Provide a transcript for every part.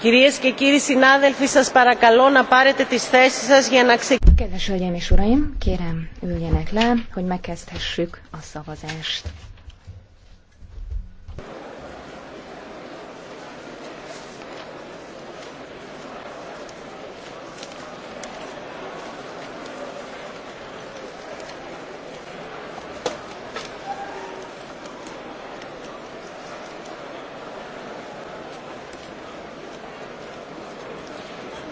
Κυρίες και κύριοι συνάδελφοι, σας παρακαλώ να πάρετε τις θέσεις σας για να ξεκινήσουμε. Kedves hölgyeim és uraim, kérem üljenek le, hogy megkezdhessük a szavazást.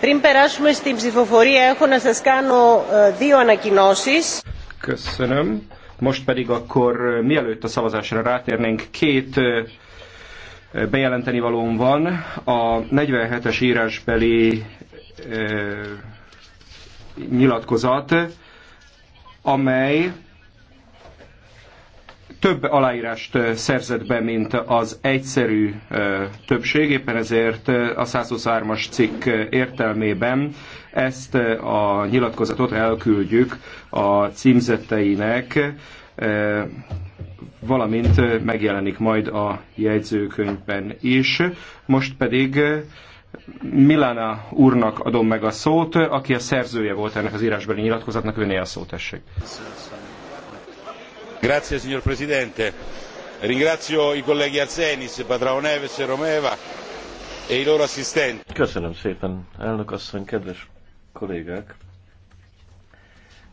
Πριν περάσουμε στην ψηφοφορία, έχω να σας κάνω δύο ανακοινώσεις. Köszönöm. Most pedig akkor mielőtt a szavazásra rátérnénk, két bejelenteni valóm van. A 47-es írásbeli nyilatkozat, amely több aláírást szerzett be, mint az egyszerű többség, éppen ezért a 123-as cikk értelmében ezt a nyilatkozatot elküldjük a címzetteinek, valamint megjelenik majd a jegyzőkönyvben is. Most pedig Milana úrnak adom meg a szót, aki a szerzője volt ennek az írásbeli nyilatkozatnak, őné a szót tessék signor presidente ringrazio i colleghi Arsenis, Patrao Neves, e Romeva e i loro assistenti. Köszönöm szépen, elnök asszony, kedves kollégák,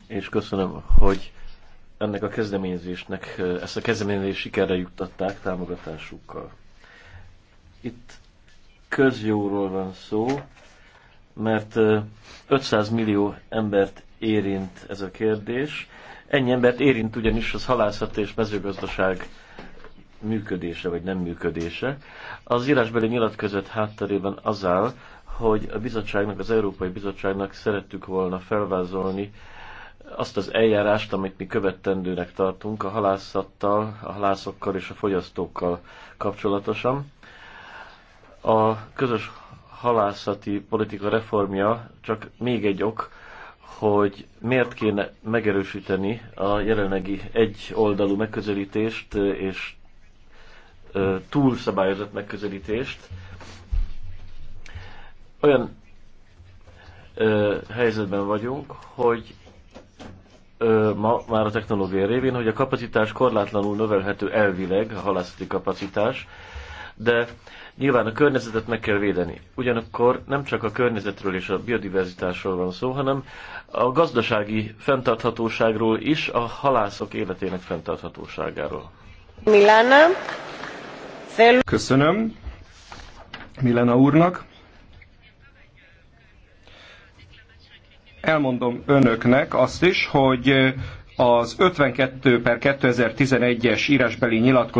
és köszönöm, hogy ennek a kezdeményezésnek, ezt a kezdeményezést sikerre juttatták támogatásukkal. Itt közjóról van szó, mert 500 millió embert érint ez a kérdés. Ennyi embert érint ugyanis az halászat és mezőgazdaság működése vagy nem működése. Az írásbeli nyilatkozat hátterében az áll, hogy a bizottságnak, az Európai Bizottságnak szerettük volna felvázolni azt az eljárást, amit mi követendőnek tartunk a halászattal, a halászokkal és a fogyasztókkal kapcsolatosan. A közös halászati politika reformja csak még egy ok hogy miért kéne megerősíteni a jelenlegi egy oldalú megközelítést és túlszabályozott megközelítést. Olyan helyzetben vagyunk, hogy ma már a technológia révén, hogy a kapacitás korlátlanul növelhető elvileg, a halászati kapacitás, de nyilván a környezetet meg kell védeni. Ugyanakkor nem csak a környezetről és a biodiverzitásról van szó, hanem a gazdasági fenntarthatóságról is, a halászok életének fenntarthatóságáról. Milana. Köszönöm Milena úrnak. Elmondom önöknek azt is, hogy az 52 per 2011-es írásbeli nyilatkozat